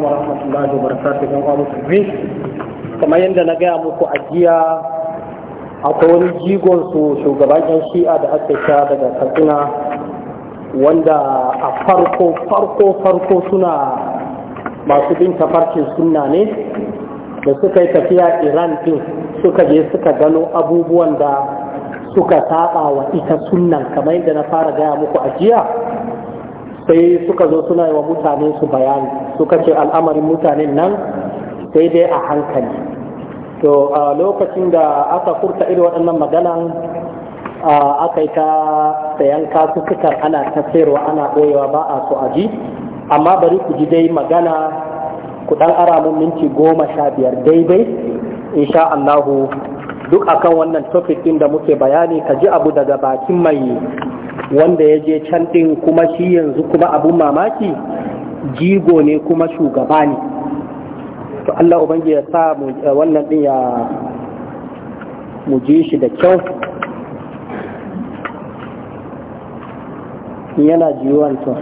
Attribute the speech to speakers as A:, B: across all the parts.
A: alaikum wa rahmatullahi wa kamar yadda na gaya muku a jiya akwai wani jigon shugaban yan shi'a da aka sha daga katsina wanda a farko farko farko suna masu bin tafarkin sunna ne da suka yi tafiya iran din suka je suka gano abubuwan da suka saba wa ita sunnan kamar yadda na fara gaya muku a jiya sai suka zo suna yi wa mutane su bayani suka ce al'amarin mutanen nan sai dai a hankali to a lokacin da aka furta irin waɗannan maganan aka yi ta sayan kasusukar ana ta sayarwa ana ɓoyewa ba a so a ji amma bari ku ji dai magana ku ɗan ara mun minti goma sha biyar daidai insha Allahu duk akan wannan topic ɗin da muke bayani ka ji abu daga bakin mai wanda ya je can ɗin kuma shi yanzu kuma abun mamaki jigo ne kuma shugaba ne to Allah ubangi ya sa eh, wannan ɗin ya muje shi da kyau yana jiwon to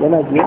A: yana jiwon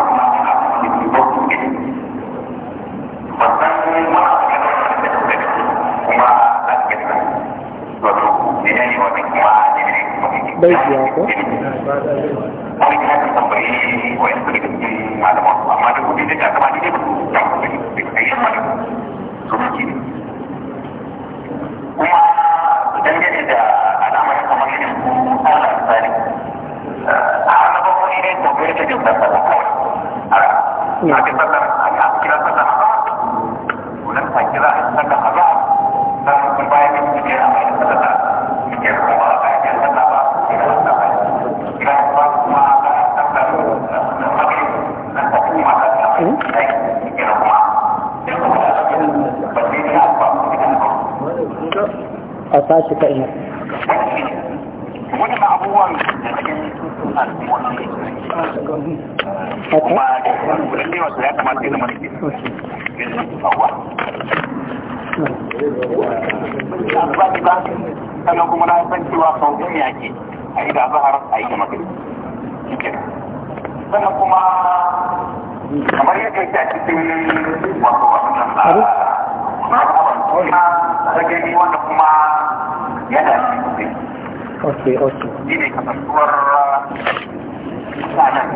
A: bai biya
B: ko amma da kudi da sa ka ina abubuwan da da kuma da wani sannan kuma a yi da kamar yadda a cikin ok ok shine kasantuwar mutanen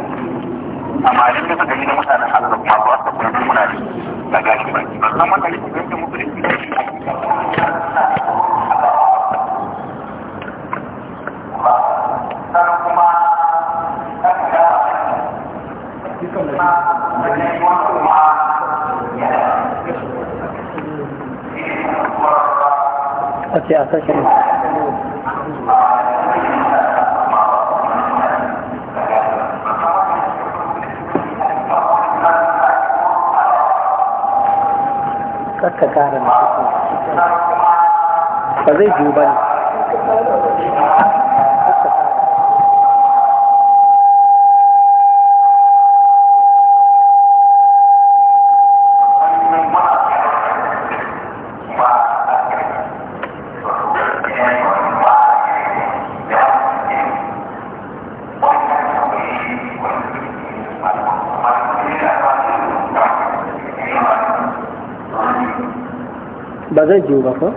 B: kakka kara ba zai jiyu ba ne
A: zai jiwu ba ko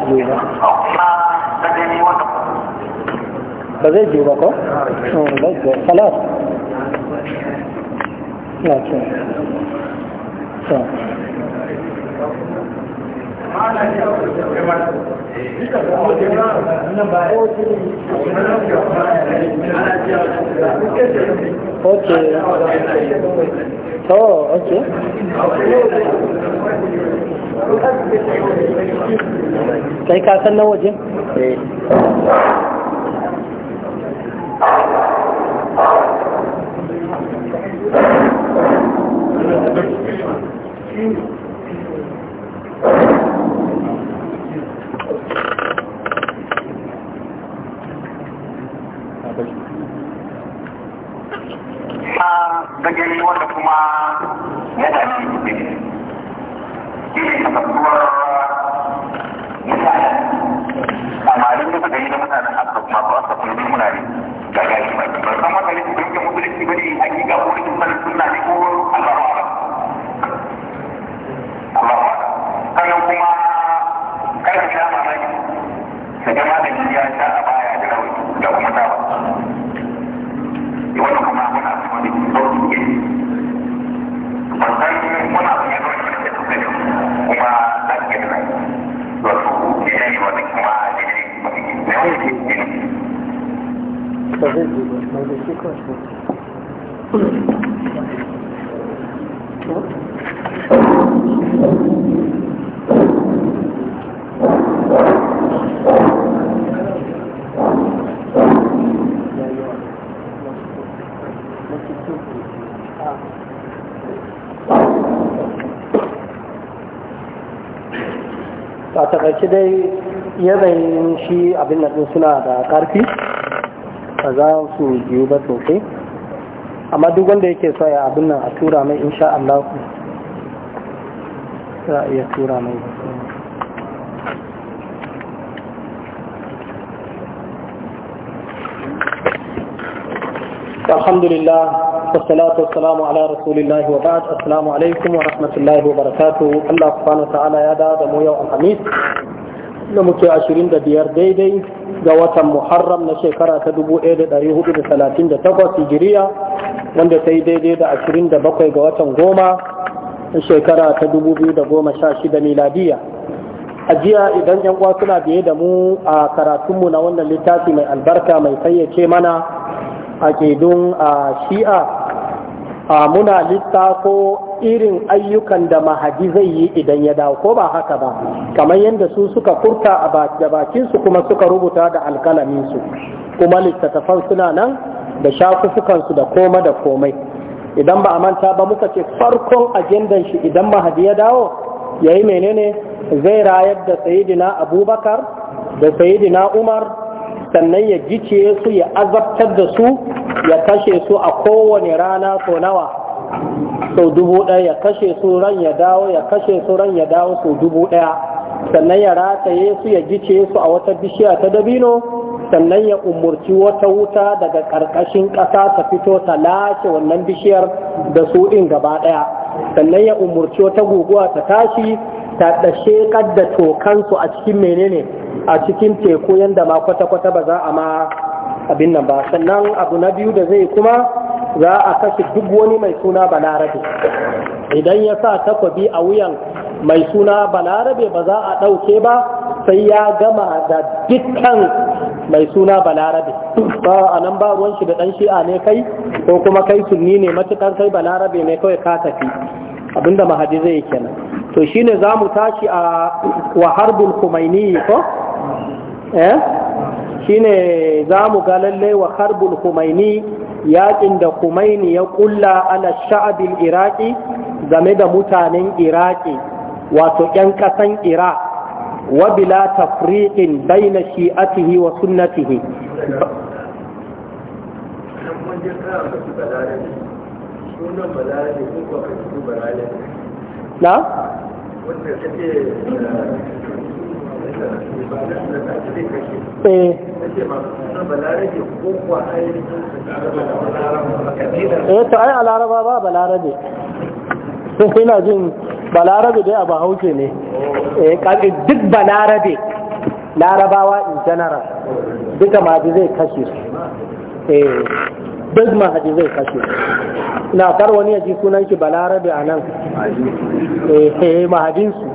A: zai je ba ba zai je ba ko? Hmm, ba zai je salat so
B: Okay.
C: Oh, okay.
A: kai ka san na waje eh. a takaice dai yanayin shi abin da suna da karfi ba za su biyu ba sosai amma duk wanda yake so ya abin nan a tura mai insha Allah za a iya tura mai alhamdulillah والصلاه والسلام على رسول الله وبعد السلام عليكم ورحمه الله وبركاته الله سبحانه وتعالى يا دادا مو يوم الخميس لما كي 25 دي دي ga watan muharram na shekara ta 1438 hijiriya wanda ta yi daidai da 27 ga watan goma na shekara ta 2016 miladiya a jiya idan yan uwa suna biye da mu a karatunmu na wannan littafi mai albarka mai fayyace mana a kedun a shi'a a muna littafo irin ayyukan da mahadi zai yi idan ya dawo ko ba haka ba kamar yadda su suka furta a da su kuma suka rubuta da alkalamin su kuma littattafan suna nan da su da koma da komai idan ba a manta ba muka ce farkon ajendan shi idan mahadi ya dawo yayi menene zai rayar da sayidina abubakar da sayidina umar sannan ya gice su ya azabtar da su ya kashe su a kowane rana so nawa sau dubu ɗaya ya kashe su ran ya dawo ya kashe su ran ya dawo sau dubu ɗaya sannan ya rataye su ya gice su a wata bishiya ta dabino sannan ya umurci wata wuta daga ƙarƙashin ƙasa ta fito ta lashe wannan bishiyar da su ɗin gaba ɗaya sannan ya umurci wata guguwa ta tashi ta ɗashe da tokansu a cikin menene a cikin teku yadda ma kwata-kwata ba za a ma abin nan ba sannan abu na biyu da zai kuma za a kashe duk wani mai suna balarabe idan ya sa takwabi a wuyan mai suna balarabe ba za a ɗauke ba sai ya gama da dukkan mai suna balarabe ba a nan ba ruwan shi da ɗan shi'a ne kai ko kuma kai sunni ne matukan kai balarabe ne kawai ka tafi abinda mahadi zai kenan to shine za mu tashi a wa harbul kumaini ko eh shine za mu ga lalle wa harbul kumaini yakin da kumaini ya ƙulla ala sha'abin iraki game da mutanen iraki wato 'yan kasan iraq wa bila tafriqin baina shi'atihi wa sunnatihi na?
B: wanda kake uh, Eh. eh
A: to ai a laraba ba balarabe sun ina jin balarabe dai a bahaushe ne eh, duk balarabe larabawa in general duka maji zai kashe su eh, duk mahaji zai kashe na kar wani ya ji sunan shi balarabe a nan eh mahajinsu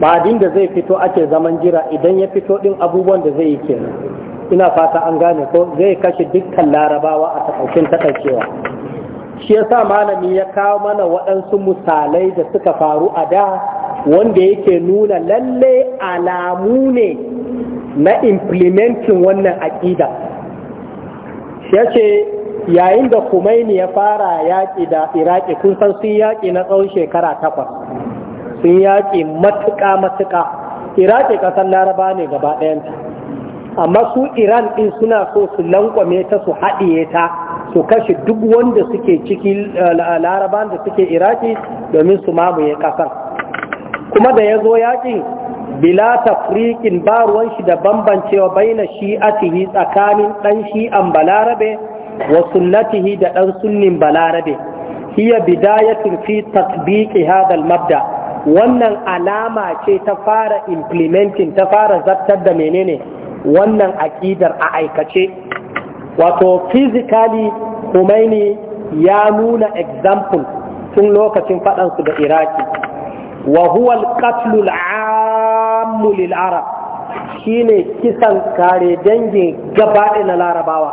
A: ma'adin da zai fito ake zaman jira idan ya fito din abubuwan da zai yi kenan ina fata an gane ko zai kashe dukkan larabawa a takaicin takaicewa shi yasa malami ya kawo mana waɗansu misalai da suka faru a da wanda yake nuna lalle alamu ne na implementing wannan aƙida ya ce yayin da kumaini ya fara yaƙi da iraki kun san sun yaƙi na tsawon shekara takwas sun yaƙi matuƙa matuƙa iraki ƙasar laraba ne gaba ɗayanta amma su iran ɗin suna so su lankwame ta su haɗiye ta su kashe duk wanda suke ciki eh, laraba da suke iraki domin su mamaye ƙasar kuma da ya zo yaƙin bila tafrikin ba ruwan shi da bambancewa baina atihi tsakanin ɗan shi shi'an balarabe wa sunnatihi da ɗan sunnin balarabe hiya bidayatin fi tatbiqi hadal mabda wannan alama ce ta fara implementing ta fara zartar da menene wannan aƙidar a aikace wato physically humaini ya nuna example tun lokacin faɗansu da iraki wa huwa al-qatlul lil arab shine kisan kare dangin gabaɗe na larabawa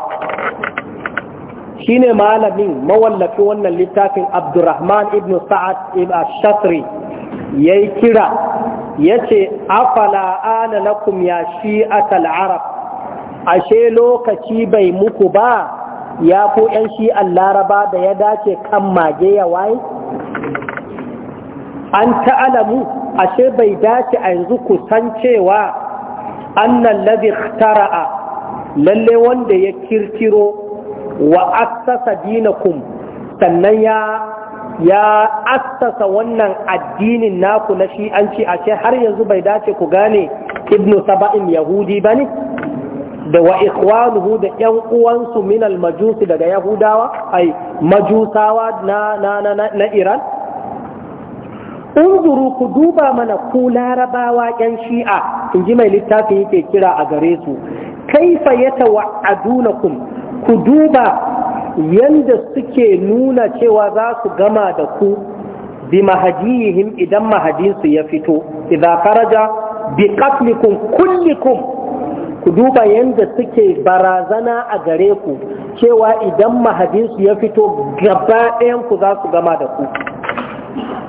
A: shine malamin mawallafi wannan littafin abdurrahman ibn sa'ad ibn shasri ya yi kira ya ce afala na lakum ya shi'atal arab ashe lokaci bai muku ba ya ku 'yan shi'an laraba da ya dace kan mage ya waye an ta'alamu ashe bai dace a yanzu kusan cewa annan ladhi tara'a lalle wanda ya kirkiro wa assasa dinakum sannan ya ya assasa wannan addinin naku na shi'anci a ce har yanzu bai dace ku gane ibnu saba'in yahudi ba ne da wa ikhwanuhu da yan uwansu min majusi daga yahudawa ai majusawa na na na na iran unzuru ku duba mana ku larabawa yan shi'a in ji mai littafin yake kira a gare su kaifa yatawa'adunakum ku duba yanda suke nuna cewa za su gama da ku bi mahadihim idan mahadinsu ya fito idan faraja bi qatlikum kullikun ku duba yanda suke barazana a gare ku cewa idan mahadinsu ya fito gaba ɗayan ku za su gama da ku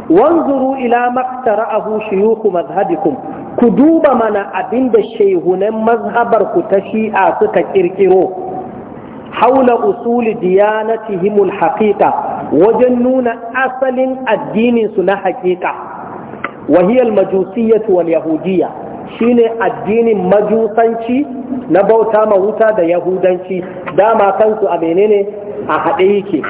A: wanzuru ila a shuyukhu mazhabikum ku duba mana abinda shehunan mazhabar ku ta shi'a suka ƙirƙiro. haula usuli diyanatihimul haƙiƙa wajen nuna asalin addininsu na haƙiƙa. wa hiya al-majusiyyatu wal yahudiyya shine addinin majusanci na bauta ma wuta da yahudanci dama kansu a menene a haɗe yake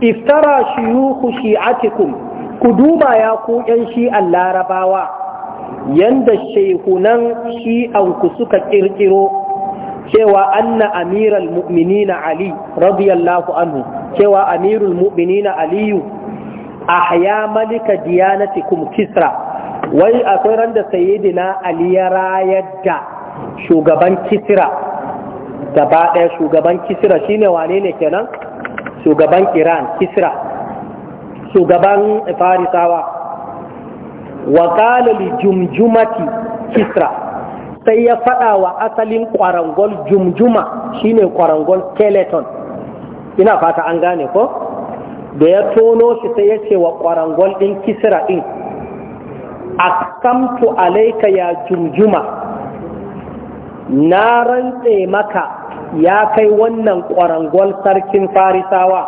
A: iftara shiyuku shi'atikum ku duba ya ku ƴan shi'an larabawa yanda shehunan shi'anku suka ƙirƙiro cewa anna amiral mu'minina ali radiyallahu anhu cewa amirul mu'minina aliyu ahya malika kum kisra wai akwai ran da sayyidina ali ya rayar da shugaban kisra gaba ɗaya shugaban kisra shine wane ne kenan shugaban iran kisra shugaban farisawa wa qala li jumjumati kisra sai ya faɗawa wa asalin kwarangol jumjuma shine kwarangol skeleton ina fata an gane ko da ya tono shi sai ya ce wa kwarangol ɗin kisira ɗin akamtu alaika ya jumjuma na rantse maka ya kai wannan kwarangol sarkin farisawa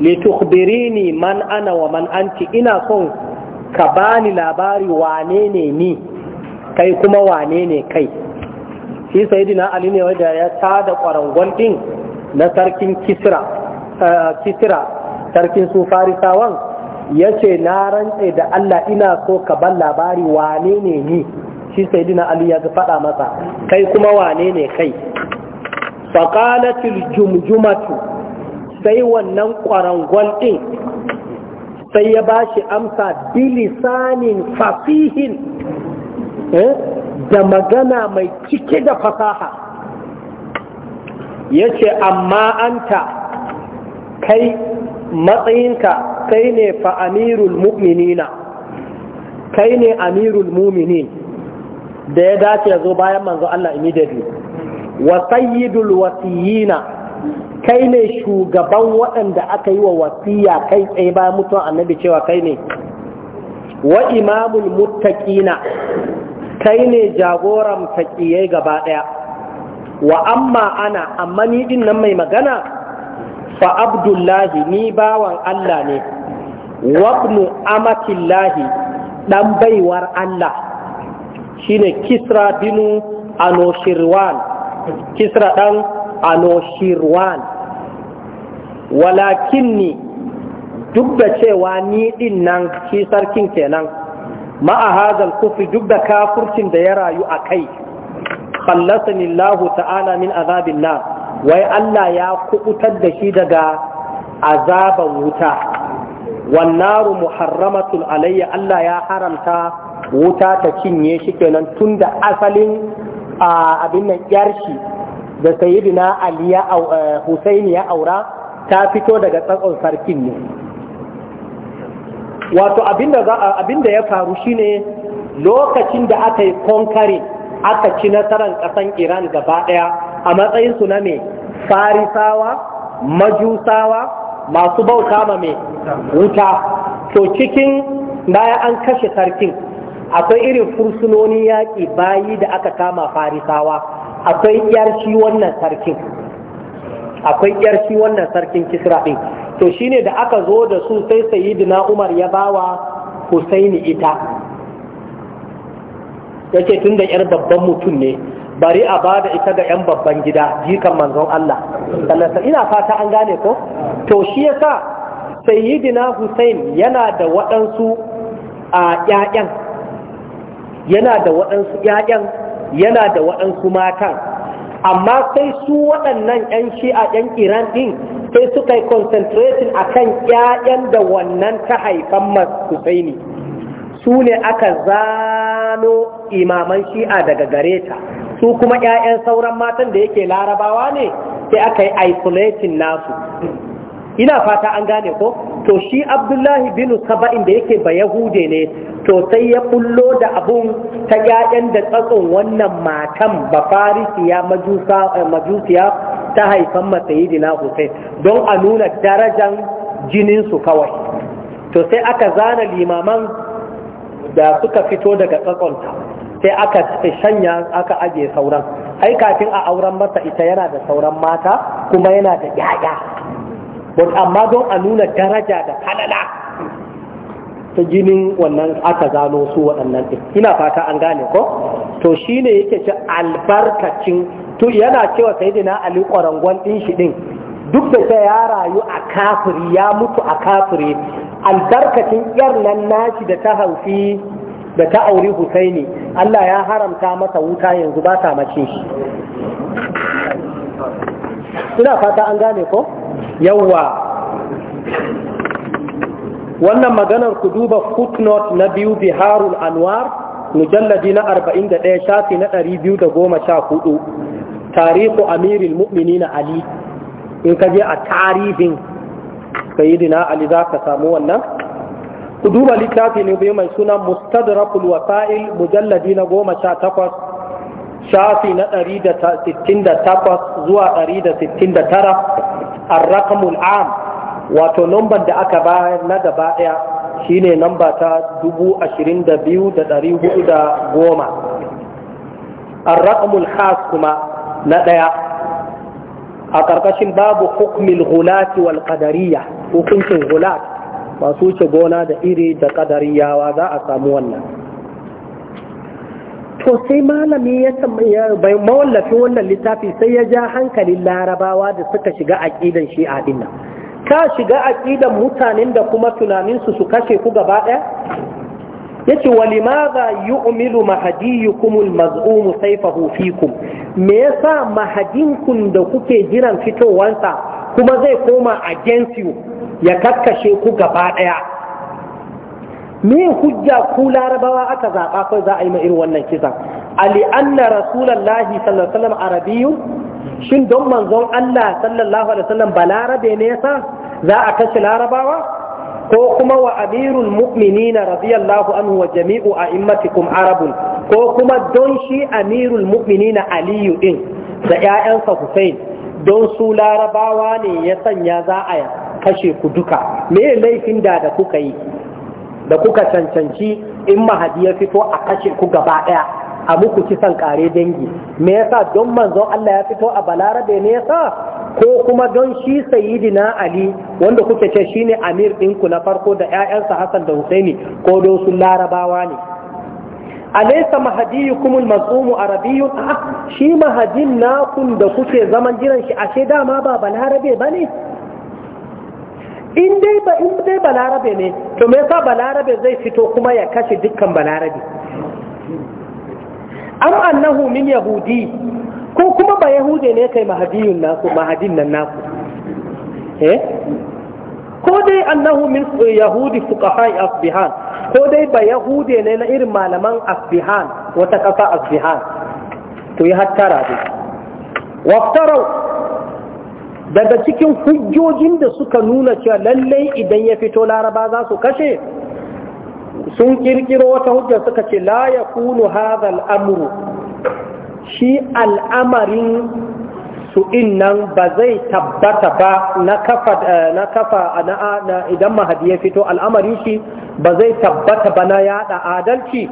A: litukhbirini man ana wa man anti ina son ka bani labari wane ne ni kai kuma wane ne kai shi sayidina ali ne wanda ya tada kwarangon din na sarkin kisra eh, kisra sarkin su farisawan ya ce na rantse da allah ina so ka ban labari wane ne ni shi sayidina ali ya faɗa masa kai kuma wane ne kai faƙalatul jumjumatu sai wannan kwarangon din sai ya ba shi amsa bilisanin fasihin Eh? da magana mai cike da fasaha ya ce amma an ta. kai matsayinka kai ne fa amirul mu'minina kai ne amirul mu'minin da ya dace ya zo bayan manzo Allah immediately wa sayyidul wasiyina kai ne shugaban waɗanda aka yi wa wasiya kai tsaye bayan mutuwa annabi cewa kai ne wa imamul muttaqina kai ne jagoran faƙiyai gaba ɗaya wa amma ana amma ni din nan mai magana fa abdullahi ni bawan Allah ne wabnu amatillahi ɗan baiwar Allah shine kisra binu anoshirwan kisra ɗan anoshirwan walakin ni duk da cewa ni din nan shi sarkin kenan ma'a hadal kufri duk da kafurcin da ya rayu a kai khallasani Allah ta'ala min azabin nan, wai Allah ya kubutar da shi daga azaban wuta wannaru muharramatun alayya Allah ya haramta wuta ta cinye shi kenan tun da asalin abin nan shi da sayidina Ali ya eh, Husaini ya aura ta fito daga tsakon sarkin ne wato abinda ya faru shine lokacin da aka yi konkare aka ci nasarar kasan iran gaba daya a matsayin su na mai farisawa majusawa masu bauta ma mai wuta to cikin baya an kashe sarkin akwai irin fursunonin yaƙi bayi da aka kama farisawa akwai yarshi wannan sarkin akwai shi wannan sarkin kisra ɗin to shine da aka zo da su sai sayyidina umar ya bawa husaini ita yake tun da yar babban mutum ne bari a ba da ita ga ƴan babban gida jikan manzon Allah ina fata an gane ko to shi yasa sayyidina Hussein yana da waɗansu a ƴaƴan yana da waɗansu ƴaƴan yana da waɗansu matan amma sai su waɗannan 'yan shi'a 'yan iran ɗin sai suka yi concentration a kan 'ya'yan da wannan ta haifan masu ne su ne aka zano imaman shi'a daga gare ta su kuma 'ya'yan sauran matan da yake larabawa ne sai aka yi isolating nasu ina fata an gane ko to shi abdullahi bin saba'in da yake ba yahude ne to sai ya bullo da abun ta 'ya'yan da tsatson wannan matan ba farisiya eh, majusiya ta haifan Masayidina hussein don a nuna darajan jininsu kawai to sai aka zana limaman da suka fito daga tsatsonta sai aka shanya aka ajiye sauran ai kafin a auren masa ita yana da sauran mata kuma yana da 'ya'ya don amma don a nuna daraja da halala ta jinin wannan aka gano su waɗannan ɗin ina fata an gane ko to shi ne yake ce albarkacin to yana cewa dina ali ƙwarangon ɗin shi ɗin duk da ta ya rayu a kafiri ya mutu a kafiri albarkacin yar nan nashi da ta haufi da ta auri Husaini Allah ya haramta masa wuta yanzu ba ta mace shi ina fata an gane ko yawwa wannan maganar ku duba footnote na biyu biharul anwar mujalladi na 41 shafi na 214 tarihu amirul mu'minin ali in ka je a tarihin sayyidina ali za ka samu wannan ku duba littafi ne biyu mai suna mustadrakul wasa'il mujalladi na 18 shafi na 168 zuwa 169 arrakamul am wato numban da aka bayar na gaba ɗaya shine namba ta dubu ashirin da biyu da hudu da goma arrakamul khas kuma na ɗaya a ƙarƙashin babu hukmin hulati wal hukuncin hulat masu wuce gona da iri da ƙadariyawa za a samu wannan to sai malami ya mawallafi wannan littafi sai ya ja hankalin larabawa da suka shiga aƙidan shi a dinna ka shiga aƙidan mutanen da kuma tunaninsu su kashe ku gaba ɗaya Ya ce yi walimadha yu'milu mahadiyukum al-maz'um sayfahu fikum me yasa mahadinkun da kuke jiran fitowansa kuma zai koma against you ya kakkashe ku gaba ɗaya? Min hujja ku larabawa aka zaɓa kai za a yi irin wannan kisan ali anna rasulallahi sallallahu alaihi wasallam arabiyyu shin don manzon Allah sallallahu alaihi wasallam balarabe ne yasa za a kashe larabawa ko kuma wa amirul mu'minina radiyallahu anhu wa jami'u a'immatikum arabun ko kuma don shi amirul mu'minina aliyu din da ƴaƴansa Hussein don su larabawa ne ya sanya za a kashe ku duka me laifin da da kuka yi da kuka cancanci in mahadi ya fito a kashe ku gaba ɗaya a muku kisan kare dangi me yasa don manzon Allah ya fito a balarabe ne yasa ko kuma don shi sayyidina Ali wanda kuke ce shine amir ɗinku na farko da ƴaƴansa Hassan da Husaini ko don su larabawa ne alaysa mahadiyukum al-maz'um arabiyyun shi mahadin nakun da kuke zaman jiran shi ashe dama ba balarabe bane in dai ba in dai balarabe ne to me yasa balarabe zai fito kuma ya kashe dukkan balarabe am annahu min yahudi ko kuma ba yahude ne kai mahadiyun naku mahadin nan naku eh ko dai annahu min yahudi fuqahai asbihan ko dai ba yahude ne na irin malaman asbihan wata kafa asbihan to ya hattara dai waftaru daga cikin hujjojin da suka nuna cewa lallai idan ya fito laraba za su kashe sun kirkiro wata hujja suka ce la ya kunu hadha al'amuru shi al'amarin su nan ba zai tabbata ba na kafa na kafa na idan mahadi ya fito al'amarin shi ba zai tabbata ba na yada adalci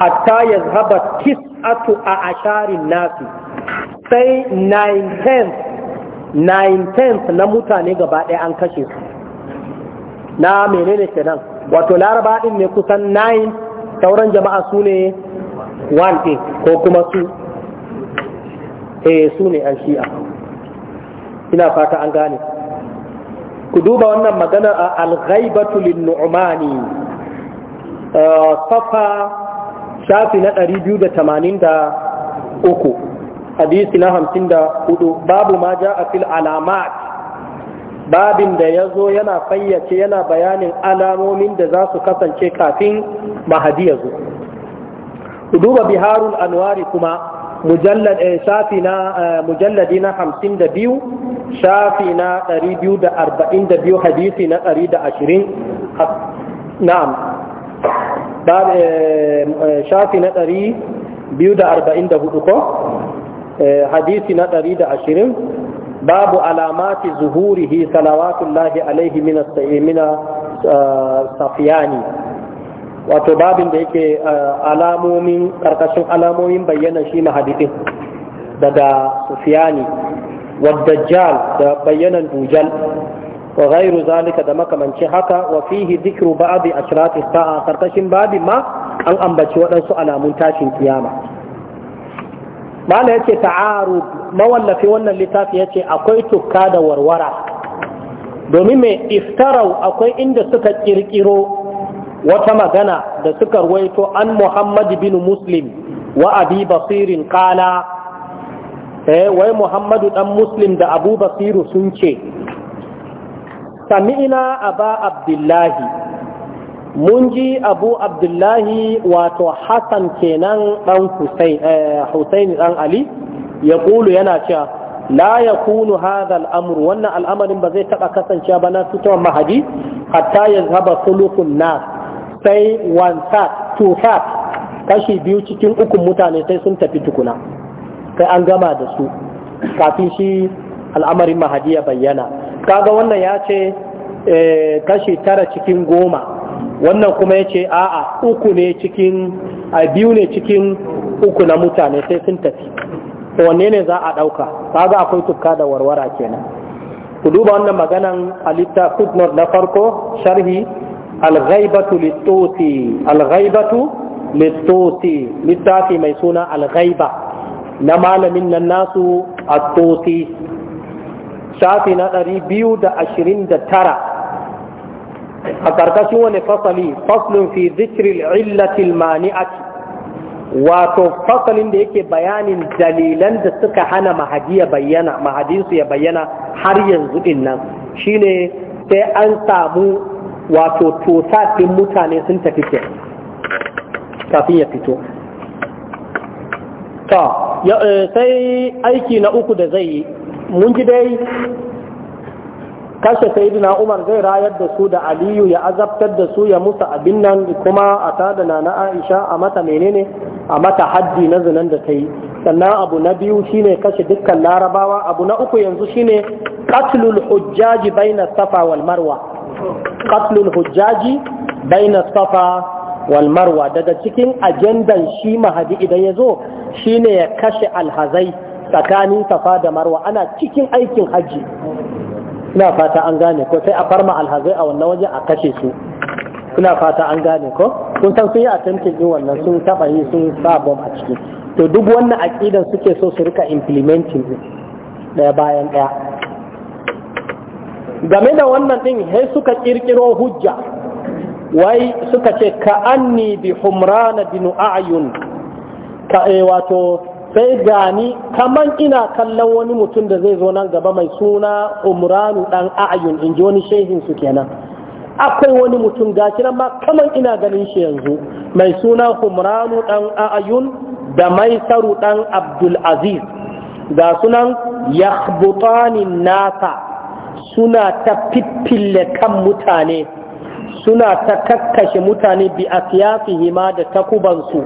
A: hatta ya zaba tis'atu a asharin nasu sai 9 9 tenth na mutane gaba ɗaya an kashe su na menene kenan wato laraba ɗin ne kusan 9 sauran jama'a su ne 1 ko kuma su eh su ne an shi'a ina fata an gane ku duba wannan magana a alghaibatu lin nu'mani eh, safa shafi na 283 hadisi na hamsin da hudu babu ma ja a fil alamat babin da ya zo yana fayyace yana bayanin alamomin da za su kasance kafin mahadi ya zo duba biharul anwari kuma eh, eh, mujalladi na hamsin da biyu shafi na ɗari biyu da arba'in da biyu hadisi na ɗari da ashirin na'am eh, shafi na ɗari biyu da arba'in da hudu ko Eh, hadisi na ɗari da ashirin babu alamati zuhurihi salawatullahi alaihi mina eh, safiyani wato babin da yake eh, alamomin karkashin alamomin bayyanar shi na daga safiyani wadda da bayyanar dujal wa ghairu zalika da makamanci haka Wafihi, fihi zikru ba'adi ashratis ta'a karkashin babin ma an ambaci waɗansu alamun tashin ƙiyama. mala yace ta'aru mawallafi wannan littafi yace akwai tukka da warwara domin mai iftarau akwai inda suka kirkiro wata magana da suka ruwaito an Muhammad bin Muslim wa Abi Basirin kala eh wai Muhammadu dan Muslim da Abu Basiru sun ce sami'ina aba Abdullahi mun ji abu abdullahi wato hassan kenan dan husaini eh, ɗan ali ya kulu yana cewa la ya kunu hadha al'amur wannan al'amarin ba zai taɓa kasancewa ba na fitowar mahadi hatta ya zaba sulukun na sai one third kashi biyu cikin ukun mutane sai sun tafi tukuna sai an gama da su kafin shi al'amarin mahadi ya bayyana kaga wannan ya ce eh, kashi tara cikin goma wannan kuma ya ce a'a uku ne cikin a biyu ne cikin uku na mutane sai sun tafi wanne ne za a ɗauka ga akwai tukka da warwara kenan ku duba wannan maganan alitta kudnor na farko sharhi al-ghaibatu alghaibatu littoti littafi mai suna al-ghaiba na malamin nan nasu biyu da shafi na 229 a ƙarƙashin wani fasali faslun fi zikril illatil mani'ati wato fasalin da yake bayanin dalilan da suka hana ya bayyana mahadinsu ya bayyana har yanzu din nan shine sai an samu wato tosa din mutane sun tafi ke kafin ya fito eh, sai aiki na uku da zai yi mun ji dai kashe sayyidina umar zai rayar da su da aliyu ya azabtar da su ya musu abin nan kuma a tada na aisha a mata menene a mata haddi na zinan da ta yi sannan abu na biyu shine kashe dukkan larabawa abu na uku yanzu shine qatlul hujjaji baina safa wal marwa qatlul hujjaji baina safa wal marwa daga cikin ajandan shi mahadi idan ya zo shine ya kashe alhazai tsakanin safa da marwa ana cikin aikin hajji ina fata an gane ko sai a farma alhazai a wannan waje a kashe su ina fata an gane ko kun san sun yi attempting din wannan sun taba yi sun sa bom a ciki to duk wannan aqidan suke so su rika implementing din ɗaya bayan ɗaya game da wannan din sai suka kirkiro hujja wai suka ce ka anni bi humrana bin a'yun ka eh, wato sai gani kaman ina kallon wani mutum da zai zo nan gaba mai suna umranu dan a'ayun in ji wani shehin su kenan akwai wani mutum gashi nan ma kaman ina ganin shi yanzu mai suna umranu dan a'ayun da maisaru dan abdul aziz ga sunan yakhbutani nasa suna ta fiffille kan mutane suna ta kakkashe mutane bi asyafihi ma da takubansu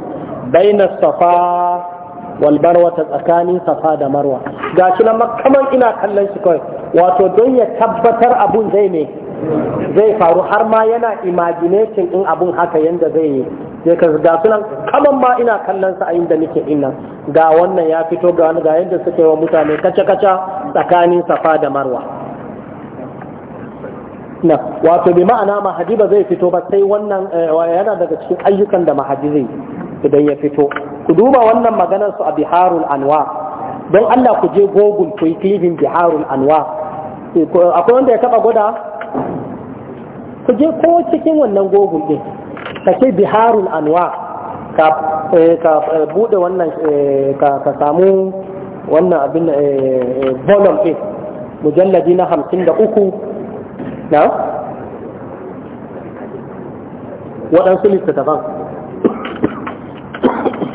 A: bainas safa walbarwa ta tsakanin safa da marwa ga shi nan makaman ina kallon shi kawai wato don ya tabbatar abun zai ne zai faru har ma yana imagination in abun haka yanda zai yi sai ka ga sunan kaman ma ina kallon sa a inda nake innan ga wannan ya fito ga wani ga yanda suke wa mutane kace kace tsakanin safa da marwa na wato bi ma'ana mahadi ba zai fito ba sai wannan eh, yana daga cikin ayyukan da mahadi zai idan ya fito ku duba wannan maganar su a biharul anwa don Allah ku je google ku yi kilibin biharul anwa akwai wanda ya taba guda ku je ko cikin wannan google din ka ce biharul anwa ka eh, eh, bude wannan eh, ka samu wannan abin volume din mujalladi na hamsin da uku na waɗansu littattafan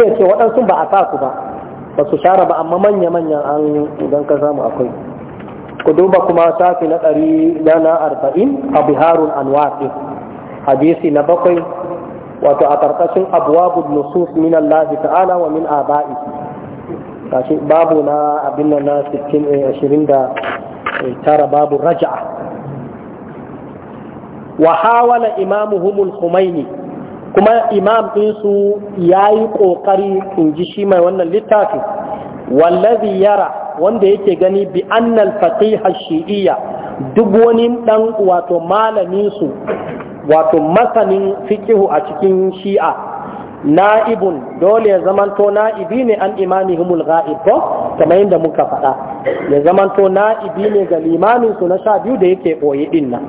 A: so ce waɗansu ba a sa su ba ba su share ba amma manya manya an idan ka samu akwai ku duba kuma safi na ɗari na arba'in a biharun anwafi hadisi na bakwai wato a ƙarƙashin abuwabud nusus min Allah ta'ala wa min aba'i kashi babu na abin nan na eh, tara babu raja'a wa hawala humul khumaini kuma imam ɗinsu ya yi ƙoƙari in ji shi mai wannan littafi wallazi yara wanda yake gani bi annal faqiha shi'iyya duk wani dan wato malamin su wato masanin fiqihu a cikin shi'a na'ibun dole ya zamanto na'ibi ne an imamihumul ghaib ko kamar yadda muka faɗa ya zamanto na'ibi ne ga limamin su na sha biyu da yake koyi din nan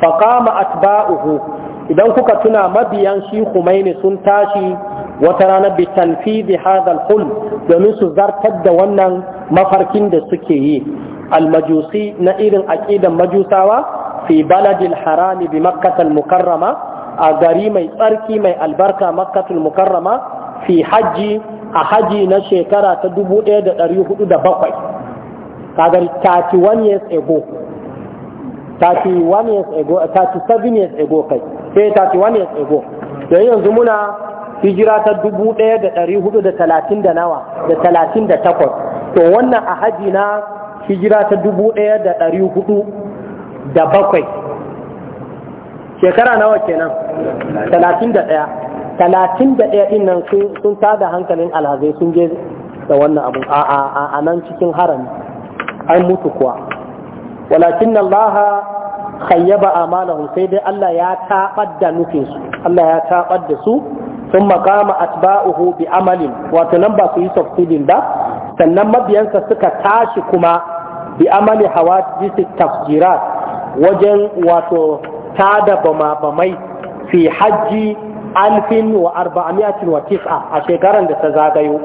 A: faqama atba'uhu idan kuka tuna mabiyan shi Khumaini sun tashi wata rana bi tanfidi hadal hul domin su zartar da wannan mafarkin da suke yi almajusi na irin aqidan majusawa fi baladil harami bi makkatal mukarrama a gari mai tsarki mai albarka al mukarrama fi hajji a haji na shekara ta 1407 kagar 31 years ago 31 years ago 37 years ago kai sai eh, 31 years ago da yanzu muna hijira ta 1430 da nawa da 38 to wannan a haji na hijira ta da shekara nawa kenan 31 31 din nan sun tada hankalin alhazai sun je da wannan abu a nan cikin harami ai mutu kuwa walakin Laha khayyaba amalahu sai dai Allah ya tabar da nufin su Allah ya tabar da su sun makama atba'uhu bi amalin wato nan ba su yi ba sannan mabiyansa suka tashi kuma bi amali hawadisi tafjirat wajen wato tada bama bamai fi hajji alfin wa arba'amiyatin wa tis'a a shekaran da ta zagayo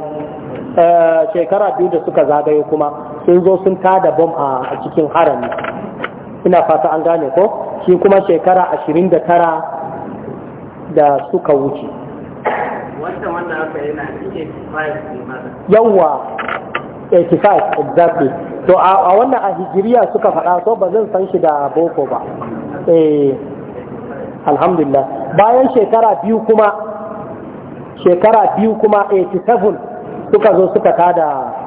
A: eh, shekara biyu da suka zagayo kuma sun zo sun tada bom a cikin harami ina fata an gane ko shi kuma shekara ashirin da tara da suka wuce yawwa 85 exactly to a wannan a hijiriya suka faɗa so ba zan san shi da boko ba eh alhamdulillah bayan shekara biyu kuma shekara biyu kuma 87 suka zo suka tada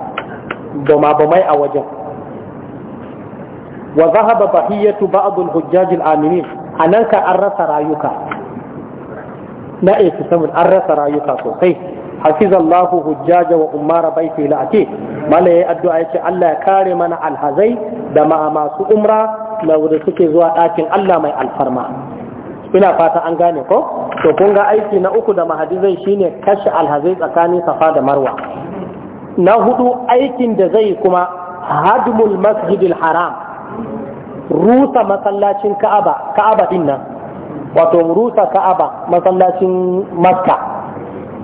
A: bama-bamai a wajen wa zahaba bahiyatu ba'dul hujjaj al-aminin anan ka an rasa rayuka na esu samun an rasa rayuka sosai hafizallahu hujjaja wa umara baiti la ake mala yayi addu'a yace Allah ya kare mana alhazai da ma masu umra da suke zuwa ɗakin Allah mai alfarma ina fata an gane ko to kunga aiki na uku da mahadizai shine kashe alhazai tsakanin safa da marwa na hudu aikin da zai kuma hadmul masjidil haram rusa masallacin ka'aba ka'aba din nan wato rusa ka'aba masallacin makka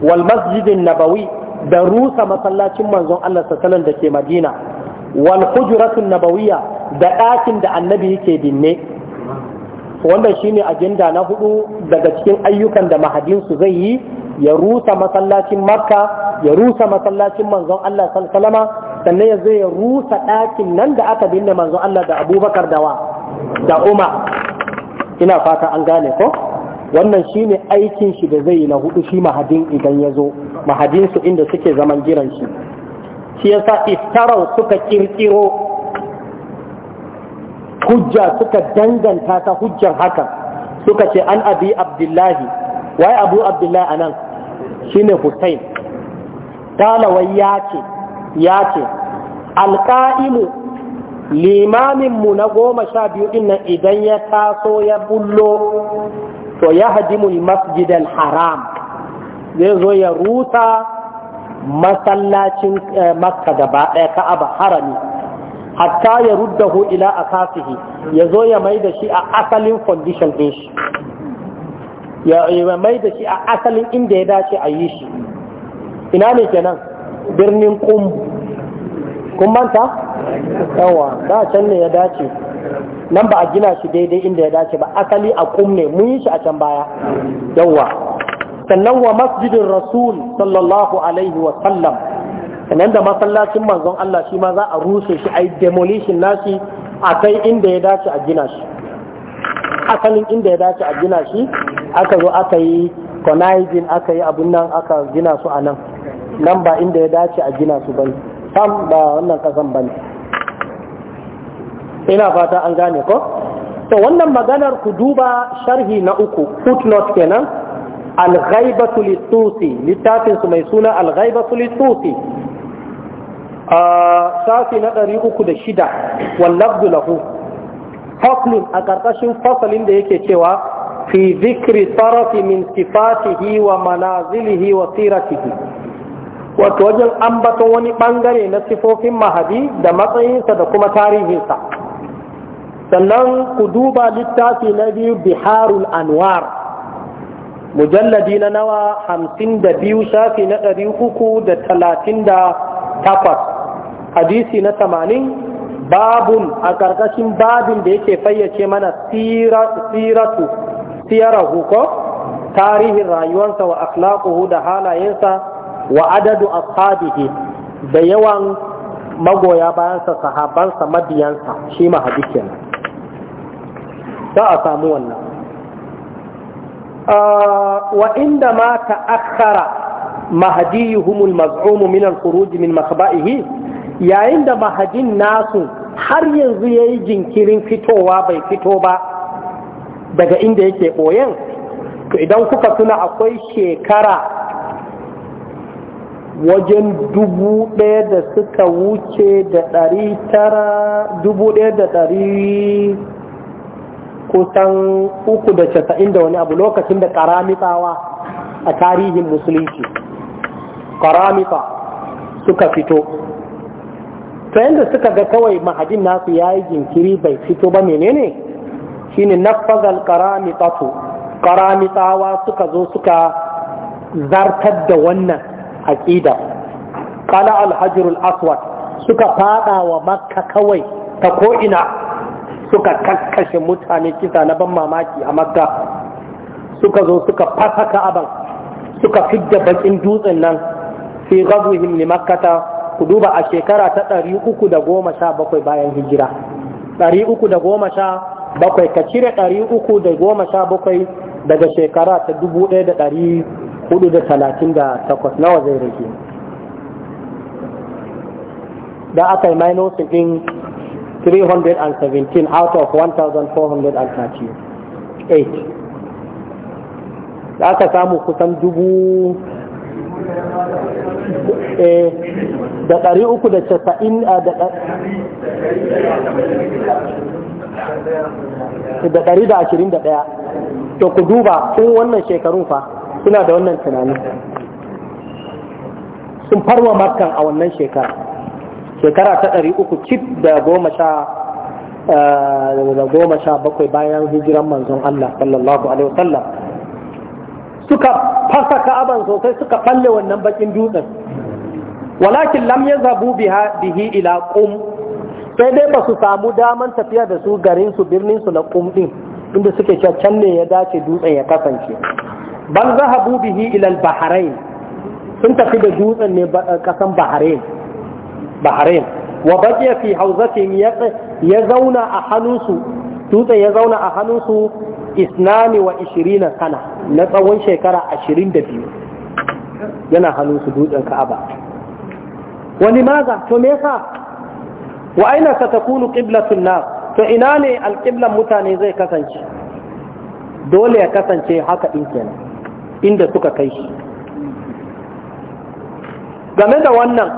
A: wal masjidin nabawi da rusa masallacin manzon Allah sallallahu da ke madina wal hujratun nabawiyya da ɗakin da annabi yake binne wanda shine agenda na hudu daga cikin ayyukan da mahadinsu zai yi ya rusa masallacin makka ya rusa masallacin manzon Allah sallallahu sannan ya zo ya rusa ɗakin nan da aka binne manzon Allah da abubakar dawa da umar ina fata an gane ko wannan shine aikin shi da zai yi na hudu shi mahadin idan ya zo mahadin su inda suke zaman jiran shi shi yasa iftarau suka kirkiro hujja suka danganta ta hujjar haka suka ce an abi abdullahi wai abu abdullahi anan shine Hussein talawai ya ce ya ce alƙa'imu limaminmu na goma sha biyu dinnan idan ya taso ya bullo to ya hajimul masjid haram zai zo ya ruta masallacin eh, makka ba ɗaya ka'aba harami hatta ya ruddahu ila asasihi ya zo ya mai da shi a asalin condition ɗin shi ya mai da shi a asalin inda ya dace a yi shi ina ne kenan birnin kum kun manta yawa da can ne ya dace nan ba a gina shi daidai inda ya dace ba asali a kum ne mun yi shi a can baya yawa sannan wa masjidin rasul sallallahu alaihi wa sallam sannan da masallacin manzon Allah shi ma za a rushe shi a yi demolition nashi a kai inda ya dace a gina shi asalin inda ya dace a gina shi aka zo aka yi conizing aka yi abun nan aka gina su a nan nan ba inda ya dace a gina su bane sam ba wannan kasan bane ina fata an gane ko to wannan maganar ku duba sharhi na uku footnote kenan
B: al-ghaibatu
A: lit-tusi littafin su mai suna al-ghaibatu lit-tusi ah, safi na 306 wal lahu faslun a ƙarƙashin fasalin da yake cewa fi zikri sarafi min sifatihi wa manazilihi wa siratihi wato wajen ambaton wani ɓangare na sifofin mahadi da matsayinsa da kuma tarihinsa sannan ku duba littafi na biyu biharul anwar mujalladi na nawa hamsin da biyu shafi na ɗari uku da talatin da takwas hadisi na tamanin babun a ƙarƙashin babin da yake fayyace mana siratu siyarahu ko tarihin rayuwarsa wa akhlaquhu da halayensa wa adadu ashabihi da yawan magoya bayansa sahabansa mabiyansa shi mahadi kenan za a samu wannan ah, wa inda ma ta'akhkhara mahadiyuhum al-maz'um min al min makhba'ihi yayin da mahadin nasu har yanzu ya yi jinkirin fitowa bai fito ba daga inda yake ɓoyen to idan kuka tuna akwai shekara wajen dubu ɗaya da suka wuce da ɗari tara dubu ɗaya da ɗari kusan uku da casa'in da wani abu lokacin da ƙaramitawa a tarihin musulunci ƙaramita suka fito sayan da suka ga kawai mahadin nasu ya yi jinkiri bai fito ba menene shine nafazal karamitatu karamitawa suka zo suka zartar da wannan aƙida kala alhajirul aswad suka fada wa makka kawai ta ko'ina suka kakkashe mutane kisa na ban mamaki a makka suka zo suka fasa ka'aban suka fidda bakin dutsen nan fi gazuhin limakkata ku duba a shekara ta ɗari uku da goma sha bakwai bayan hijira ɗari uku da goma sha bakwai ka cire ɗari uku da goma sha bakwai daga shekara ta dubu ɗaya da ɗari hudu da talatin da takwas nawa zai rage da aka yi minusin ɗin 317 out of 1438 da aka samu kusan dubu Eh, da ɗari uku da casa'in da ɗari da ashirin da ɗaya to ku duba tun wannan shekarun fa suna da wannan tunani sun farwa markan a wannan shekara shekara ta ɗari uku cif da goma sha eh, da goma sha bakwai bayan hijiran manzon Allah sallallahu alaihi wasallam suka fasa ka'aban sosai suka falle wannan bakin dutsen
B: walakin lam
A: yazhabu biha bihi ila kum. sai dai ba su samu daman tafiya da su garin su birnin su na kum din inda suke can ne ya dace dutsen ya kasance bal zahabu bihi ila bahrain sun tafi da dutsen ne kasan bahrain bahrain wa baqiya fi hawzatin ya zauna a hannunsu dutsen ya zauna a hannunsu isnani wa ishirina sana na tsawon shekara ashirin da biyu yana hannun su dutsen ka'aba wani maza to me yasa wa aina kunu qiblatun nas to ina ne alƙiblan mutane zai kasance dole ya kasance haka din kenan inda suka kai shi game da wannan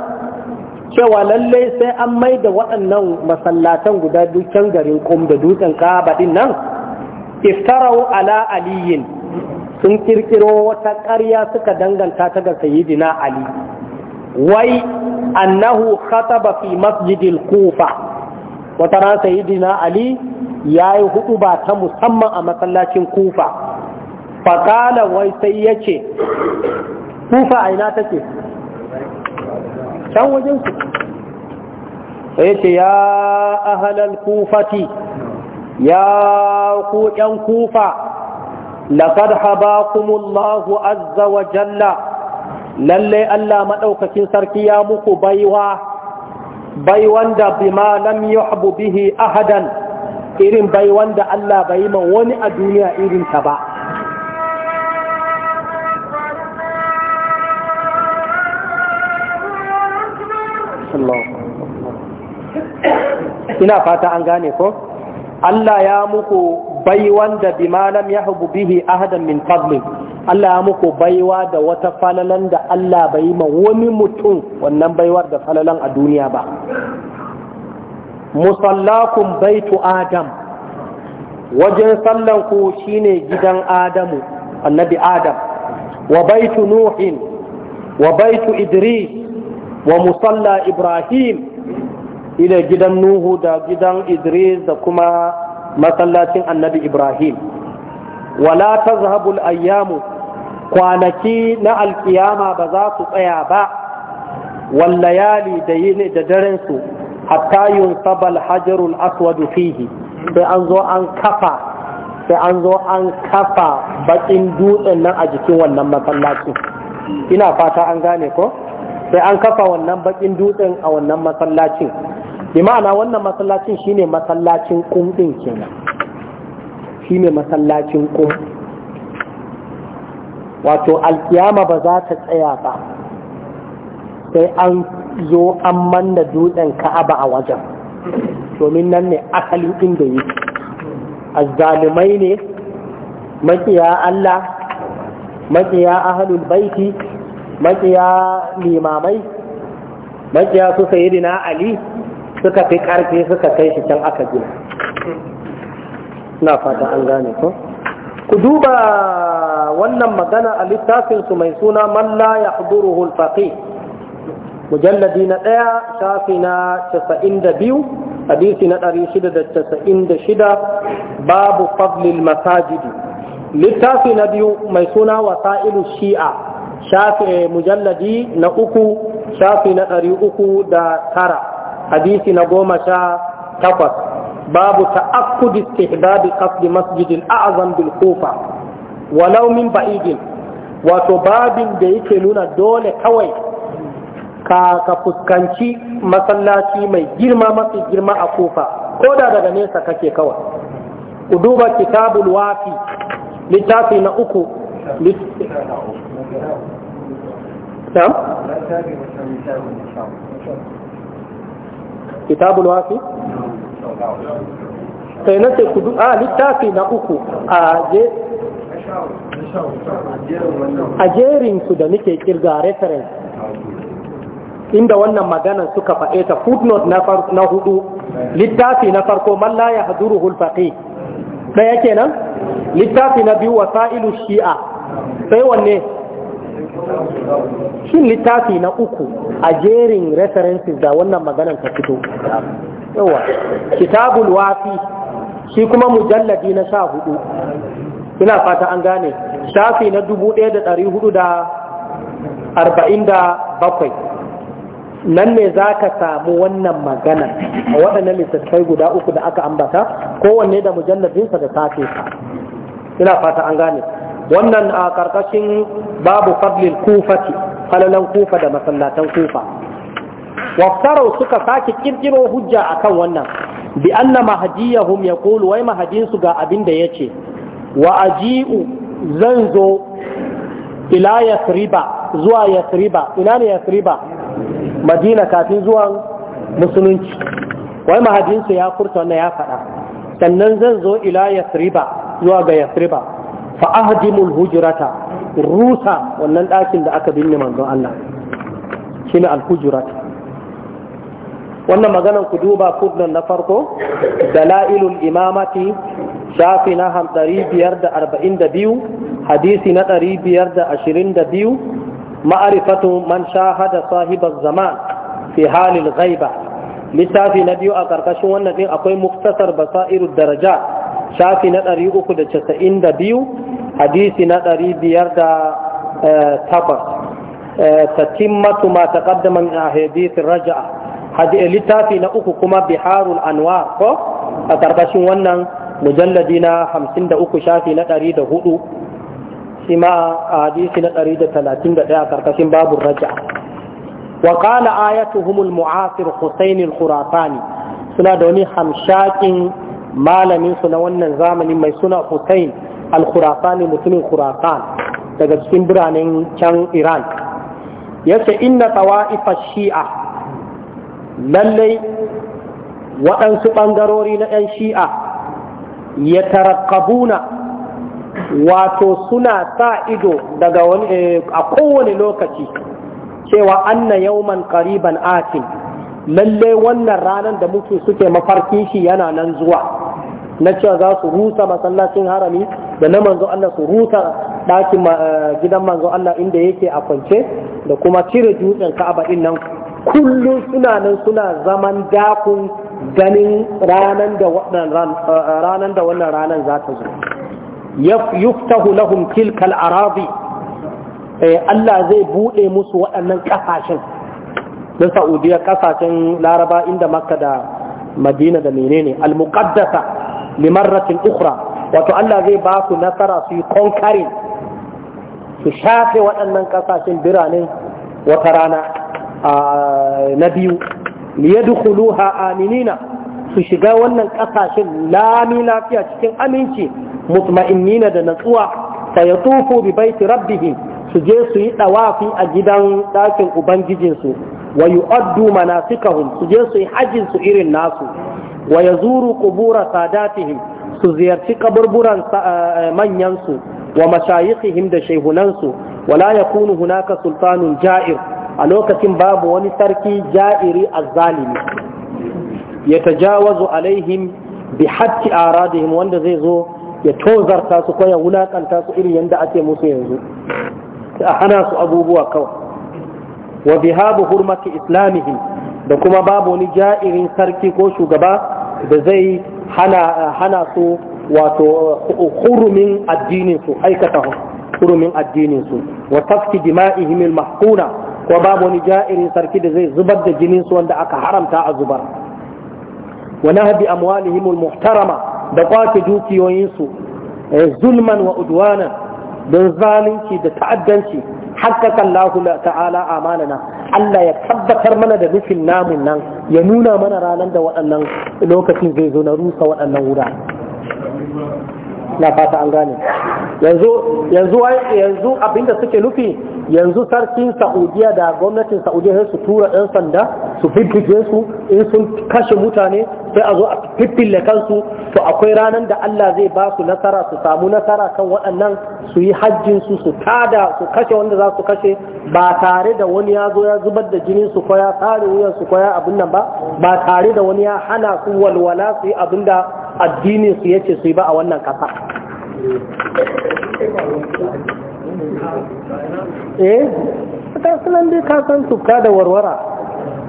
A: cewa lallai sai an mai da waɗannan masallatan guda dukan garin kum da dutsen ka'aba din nan iftarau ala aliyin sun kirkiro wata ƙarya suka danganta ta ga sayyidina ali wai annahu khataba fi masjidil kufa wata ran sayyidina ali ya yi hudu ba ta musamman a masallacin kufa fakala wai sai ya ce kufa a ina take can wajen su sai ya ce ya ahalal kufati ya ku ƴan kufa laqad habakumullahu azza wa jalla lallai Allah maɗaukakin sarki ya muku baiwa bai wanda bima lam yuhbu bihi ahadan irin bai wanda Allah bai ma wani a duniya irin ta ba ina fata an gane ko Allah ya muku baiwan da bimalam ya hubu bihi ahadan min fadlin Allah ya muku baiwa da wata falalan da Allah bai yi ma wani mutum wannan baiwar da falalan a duniya ba musallakun baitu adam wajen sallanku shine gidan adamu annabi adam wa baitu nuhin wa baitu idris wa musalla ibrahim ila gidan nuhu da gidan idris da kuma masallacin annabi ibrahim wala tazhabul ayyamu kwanaki na alkiyama ba za su tsaya ba wallayali da yini da daren su hatta sabal alhajarul aswad fihi sai an zo an kafa sai an zo an kafa bakin dutsen nan a jikin wannan masallacin ina fata an gane ko sai an kafa wannan bakin dutsen a wannan masallacin bi wannan masallacin shine masallacin kum din kenan shine masallacin kum wato alkiyama ba za ta tsaya ba sai an zo an manna dutsen ka'aba a wajen domin nan ne asalin inda yi azzalimai ne makiya Allah makiya ahalul baiti makiya limamai makiya su sayidina ali suka fi karfi suka kai shi can aka gina na fata an gane ko ku duba wannan magana a littafinsu mai suna Malla la yahduruhu al mujalladi na ɗaya shafi na casa'in da biyu hadisi na ɗari shida da casa'in da shida babu fadlil masajidi littafi na biyu mai suna wasa'ilu shi'a shafi mujalladi na uku shafi na ɗari uku da tara hadisi na goma sha takwas babu ta'akkud istihbab qasd masjid al-a'zam bil kufa walau min ba'idin wato babin da yake nuna dole kawai ka ka fuskanci masallaci mai girma mafi girma a kufa ko da daga nesa kake kawai ku duba kitabul wafi littafi na uku نعم
B: sai a littafi na uku a
A: jerin su da nake kirga reference inda wannan maganar suka faɗe ta footnote na hudu littafi na farko man la ya haduru hulfaƙi ɗaya kenan littafi na biyu wa wasa'ilu shi'a sai wanne shin littafi na uku a jerin references da wannan maganan ta fito yawa kitabul wafi shi kuma mujalladi na sha hudu ina fata an gane shafi na dubu ɗaya da dari hudu da arba'in da bakwai nan ne za ka samu wannan magana a waɗannan littattafai guda uku da aka ambata kowanne da mujalladinsa da safe ina fata an gane wannan a karkashin babu fadlil kufati falalan kufa da masallatan kufa waftarau suka sake kirkiro hujja akan wannan bi anna mahajiyahum yaqulu wai mahajinsu ga abin da yace wa aji'u zan zo ila yasriba zuwa yasriba ina ne yasriba madina kafin zuwan musulunci wai mahajinsu ya furta wannan ya faɗa sannan zan zo ila yasriba zuwa ga yasriba fa ahdimul hujrata rusa wannan ɗakin da aka binne manzon Allah shine al hujrata wannan maganar ku duba kudnan na farko dalailul imamati shafi na biyu, hadisi na biyu, ma'arifatu man shahada sahibar zaman fi halil ghaiba littafi na biyu a ƙarƙashin wannan ɗin akwai muktasar basairu daraja shafi na biyu, hadisi na ɗari biyar da eh, takwas eh, tatimmatu ma taqaddama min ahadithir raja'a hadi eh, littafi na uku kuma biharul anwar ko a karkashin wannan mujalladi na hamsin da uku shafi na ɗari da hudu shi ma a hadisi na ɗari da talatin da ɗaya karkashin babu raja'a. wa qala ayatuhumul mu'asir husain al suna da wani hamshakin malamin su na wannan zamanin mai suna husain al ne mutumin khurasan daga cikin biranen can iran yace inna tawa'ifa shi'a lallai waɗansu ɓangarori na 'yan shi'a ya tarakabuna wato suna sa ido daga wani eh, a kowane lokaci cewa anna yauman kariban atin lallai wannan ranar da muke suke mafarki shi yana nan zuwa na cewa za su rusa masallacin harami da na manzo Allah su ruta ɗakin eh, gidan manzo Allah inda yake a kwance da kuma cire dutsen Ka'aba din nan kullum suna nan suna zaman dakun ganin ranan da wannan eh, ranan da wannan ranan za ta zo yuftahu lahum tilka al-aradi eh, Allah zai bude musu waɗannan kasashen na Saudiya kasashen Laraba inda Makka da Madina da menene al-muqaddasa limarratin ukhra wato Allah zai ba su nasara su yi konkari su shafe waɗannan ƙasashen birane wata rana na biyu liyadkhuluha aminina su shiga wannan ƙasashen lami lafiya cikin aminci mutma'innina da natsuwa tufu bi baiti rabbihim su je su yi dawafi a gidan ɗakin ubangijinsu wa yu'addu manasikahum su je su yi hajjin su irin nasu wa yazuru qubura sadatihim su ziyarci kaburburan eh, eh, manyansu wa mashayikhihim da shaihunansu wala kunu hunaka sultanun ja'ir a lokacin babu wani sarki ja'iri azzalimi ya tajawazu alaihim bi hatti aradihim wanda zai zo ya tozarta su ko ya wulakanta su irin yadda ake musu yanzu a hana su abubuwa kawai wa bihabu hurmati islamihim da kuma babu wani ja'irin sarki ko shugaba da zai hana su wato hurumin addinin su aikata hurumin addinin su wa tafki dima'ihim al-mahkuna ko babu wani ja'irin sarki da zai zubar da jinin su wanda aka haramta a zubar wa nahbi amwalihim al-muhtarama da kwace dukiyoyin su eh, zulman wa udwana don zalunci da ta'addanci hakkaka Allah ta'ala amanana Allah ya tabbatar mana da nufin namun nan ya nuna mana ranar da waɗannan lokacin zai zo na rusa waɗannan wura? na fata an gane yanzu yanzu abinda suke nufi yanzu sarkin saudiya da gwamnatin saudiya su tura ɗan sanda su fiffike su in sun kashe mutane sai a zo a fiffile kansu to akwai ranar da Allah zai ba su nasara su samu nasara kan waɗannan su yi hajjin su su tada su kashe wanda za su kashe ba tare da wani ya zo ya zubar da jinin su ko ya tare wuyan su ko ya abin nan ba ba tare da wani ya hana su walwala su yi abin da addinin su yace su yi ba a wannan kasa eh ka sunan dai ka san tuka da warwara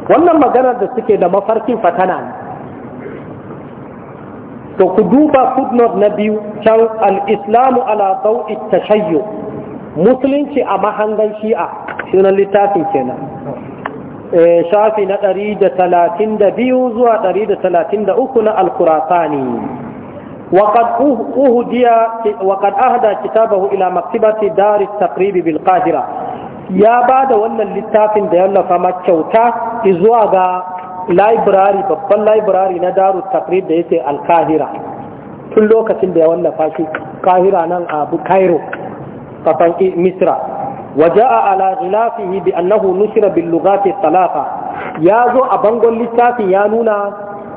A: wannan maganar da suke da mafarkin fatana ne to ku duba footnote na biyu can al-islamu ala dawi tashayyu musulunci a mahangan shi'a sunan littafin kenan eh, shafi na 132 zuwa 133 na al ne. وقد أهدي وقد أهدى كتابه إلى مكتبة دار التقريب بالقاهرة يا بعد ولا littafin da yallafa makyauta zuwa ga library babban library na daru takrib da yake alkahira tun lokacin da ya wallafa shi kahira nan a cairo kafan misra وجاء على غلافه بأنه نشر باللغات الثلاثة يا زو أبنغو للتافي يا نونا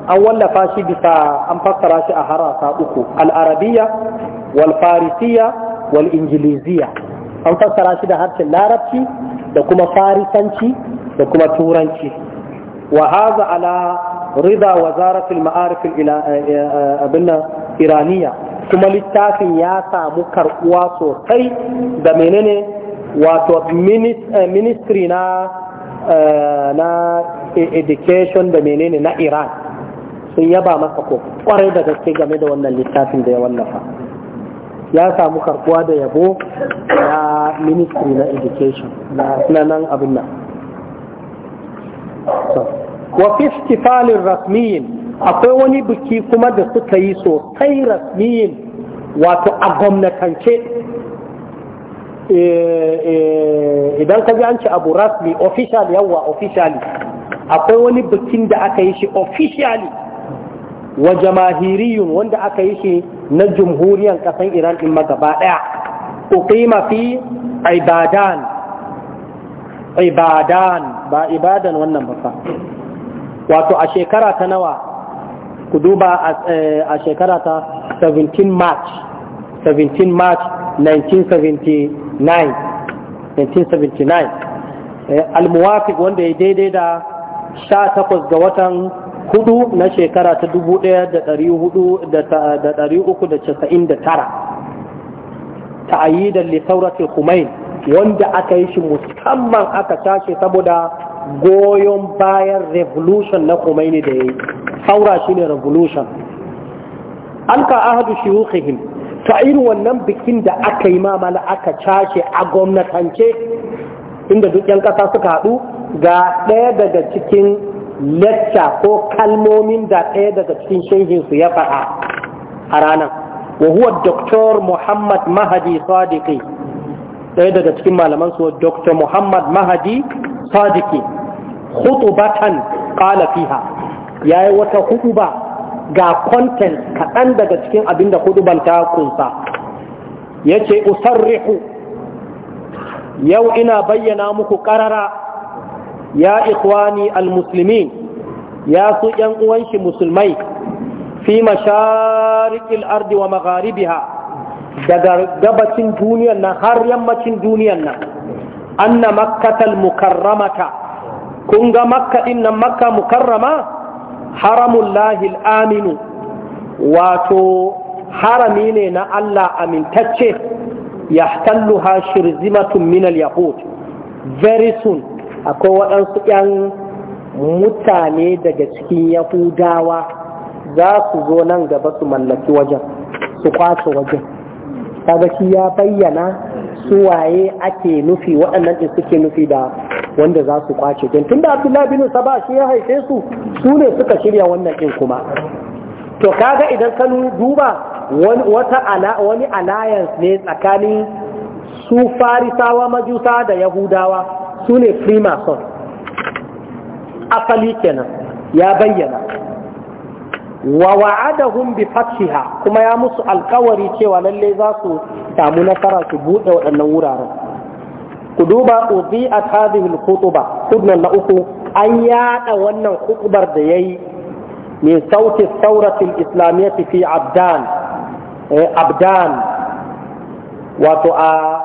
A: an wallafa shi bisa an fassara shi a haraka uku al'arabiya wal Walingiliziya. wal ingiliziya an fassara shi da harshen larabci da kuma farisanci da kuma turanci wa haza ala rida wazaratul ma'arifin eh, eh, eh, abin iraniya kuma littafin ya samu karbuwa sosai da menene wato ministry na e-, education da menene na iran sun yaba masa ko kwarai da gaske game da wannan littafin da ya wallafa ya samu karkuwa da yabo na ministry na education na nan abin nan wa fi istifalin rasmiyin akwai wani biki kuma da suka yi sosai rasmiyin wato a gwamnatance eh, eh, idan ka ji an ce abu rasmi official yawa officially akwai wani bikin da aka yi shi officially wa jamahiriyun wanda aka yi shi na jumhuriyar kasan iran din gaba daya uqima fi ibadan ibadan ba ibadan wannan ba fa wato a shekara ta nawa ku duba a eh, shekara ta 17 march 17 march 1979 1979 eh, al-muwafiq wanda ya daidai da 18 ga watan hudu na shekara ta dubu da da da da hudu uku casa'in tara, yi da lisauratul kumain wanda aka yi shi musamman aka tashi saboda goyon bayan revolution na kumaini da ya yi saura shi ne revolution an ka ahadu shi shiyukhihim ta irin wannan bikin da aka yi mamala aka cashe a gwamnatance inda duk 'yan ƙasa suka haɗu ga ɗaya daga cikin Lecca ko kalmomin da ɗaya daga cikin shehinsu ya faɗa a ranar wa huwa Dr. Muhammad Mahadi Sadiqi ɗaya daga cikin malaman su Dr. Muhammad Mahadi Sadiqi khutubatan ƙala fiha yayi wata hutuba ga content kaɗan daga cikin abin da hutuban ta kunsa yace usarrihu yau ina bayyana muku ƙarara ya al musulmi ya su yan uwanshi musulmai fi masharikil ardi wa magharibiha daga gabacin duniyan nan har yammacin duniyan nan anna makkatal mukarramata kun ga makka din makka mukarrama haramullahi aminu wato harami ne na Allah amintacce yahtalluha shirzimatun min al-yahud very soon akwai waɗansu ‘yan mutane daga cikin yahudawa za su zo nan gaba su mallaki wajen su kwace wajen kaga shi ya bayyana su waye ake nufi waɗannan ɗin suke nufi da wanda za su kwace Tun tunda abdullahi bin saba shi ya haife su su ne suka shirya wannan ɗin kuma to kaga idan ka duba wata ala wani alliance ne tsakanin su farisawa majusa da yahudawa su ne freemason asali kenan ya bayyana wa wa'adahum bi fathiha kuma ya musu alkawari cewa lalle za su samu nasara su buɗe waɗannan wuraren ku duba udhi'at hadhihi al-khutba na uku an yada wannan khutbar da yayi min sauti sauratil islamiyyati fi abdan eh, abdan wato a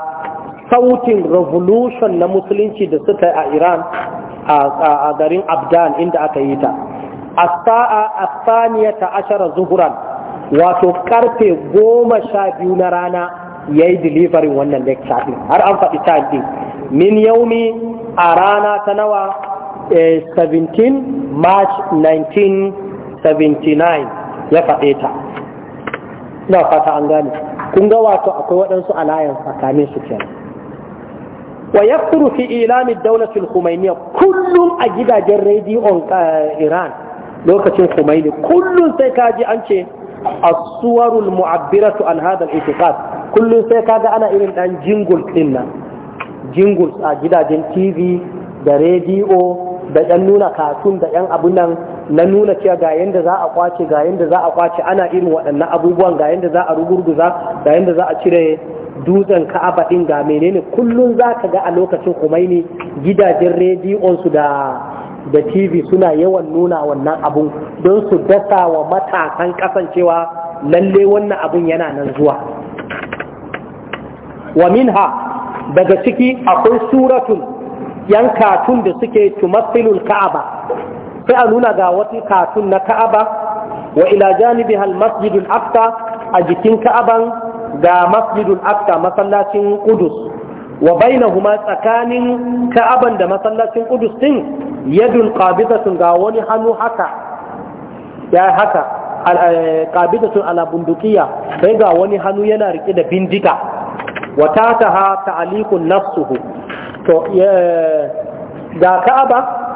A: sautin revolution na musulunci da suka yi a iran a garin abdan inda aka yi ta a saniya ta ashara zuhuran wato karfe goma sha biyu na rana ya yi delivery wannan lecture ɗin har an faɗi ta min yaumi a rana ta nawa 17 eh, march 1979 ya faɗe ta ina fata an gane kun ga wato akwai waɗansu alayan tsakanin su kenan wa yakturu fi ilami daulatul Khomeiniya kullum a gidajen rediyon eh, Iran lokacin kumaini kullum sai kaji an ce as-suwarul mu'abbiratu an hadha al kullum sai kaga ana irin dan jingle din nan jingles a gidajen TV da rediyo da yan nuna kafin da yan abun nan na nuna cewa ga yanda za a kwace ga yanda za a kwace ana irin waɗannan abubuwan ga yanda za a rugurguza ga yanda za a cire dutsen ka'aba din ga menene kullun za ka ga a lokacin kumaini gidajen rediyon su da da tv suna yawan nuna wannan abun don su dasa wa matakan kasancewa lalle wannan abun yana nan zuwa wa minha daga ciki akwai suratun yan katun da suke tumathilul ka'aba sai a nuna ga wata katun na ka'aba wa ila janibi hal masjidul aqsa a jikin ka'aban ga masjidul aqsa masallacin qudus wa bainahuma tsakanin ka'aban da masallacin qudus din yadun qabidatun ga wani hannu haka ya haka eh, qabidatun ala bundukiya sai ga wani hannu yana rike da bindiga wa tataha ta'aliqun nafsuhu to ga ka'aba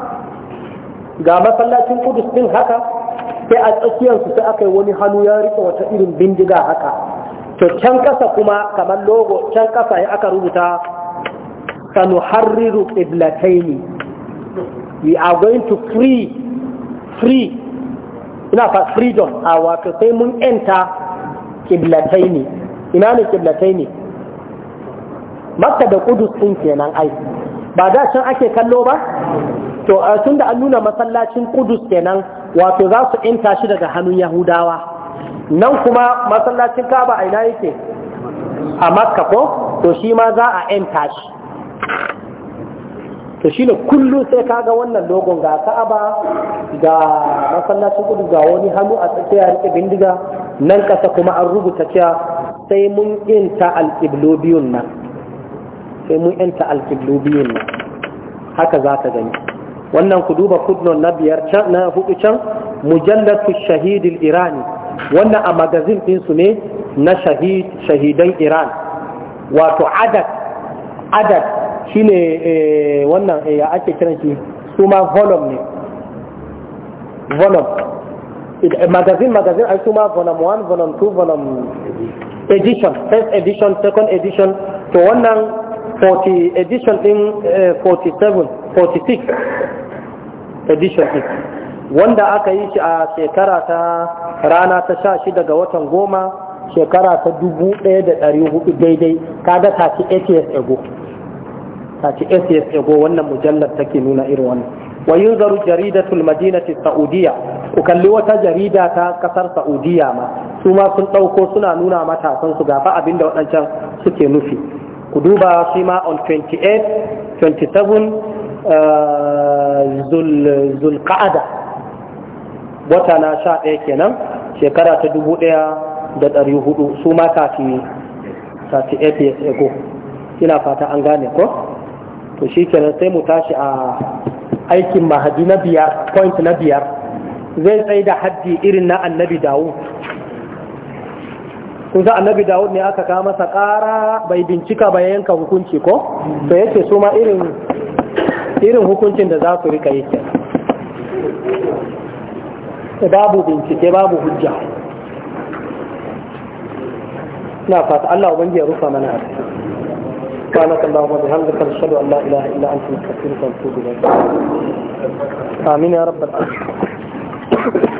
A: ga masallacin kudus din haka sai a tsakiyarsu sai aka yi wani hannu ya rika wata irin bindiga haka to can kasa kuma kamar logo can kasa ya aka rubuta sanu harriru we are going to free free ina fa freedom a wato sai mun enta kiblataini ina ne kiblataini makka da kudus din kenan ai ba da can ake kallo ba to tun da an nuna masallacin kudus kenan wato za su inta shi daga hannun yahudawa nan kuma masallacin kaba a ina yake a makka ko to shi ma za a inta shi to shi ne kullum sai kaga wannan logon ga kaba ga masallacin kudu ga wani hannu a tsakiya rike bindiga nan kasa kuma an rubuta cewa sai mun inta alƙiblo biyun nan sai mun inta alƙiblo biyun nan haka za ka gani wannan ku duba kudnon na biyar can na hudu can mujallatu shahidil irani wannan a magazin su ne na shahid shahidan iran wato adad adad shine eh, wannan eh, ya ake kiran shi suma volume ne volume magazin eh, magazin ai suma volume 1 volume 2 volume edition first edition second edition to wannan 40 edition din 47 46 edition wanda aka yi shi a shekara ta rana ta sha shi daga watan goma shekara ta dubu ɗaya da ɗari hudu daidai kaga 38 years ego 38 ego wannan mujallar take nuna irin wannan wayin zaru jaridatul madinati saudiya ku kalli wata jarida ta kasar saudiya ma su ma sun ɗauko suna nuna matasan su gafa abin da waɗancan suke nufi ku duba shi ma on 28 27 zulka'ada wata na sha ɗaya kenan shekara ta dubu ɗaya da ɗari hudu su ma kafi 38 ina fata an gane ko to shi kenan sai mu tashi a aikin mahadi na biyar point na biyar zai tsaye da haddi irin na annabi dawud kun annabi dawud ne aka kawo masa ƙara bai bincika bai yanka hukunci ko to yake su ma irin irin hukuncin da za su rika ke babu bincike babu hujja na fata Allah wa ya rufa mana asiri سبحانك اللهم وبحمدك نشهد ان لا اله الا انت نستغفرك ونتوب اليك امين يا رب
C: العالمين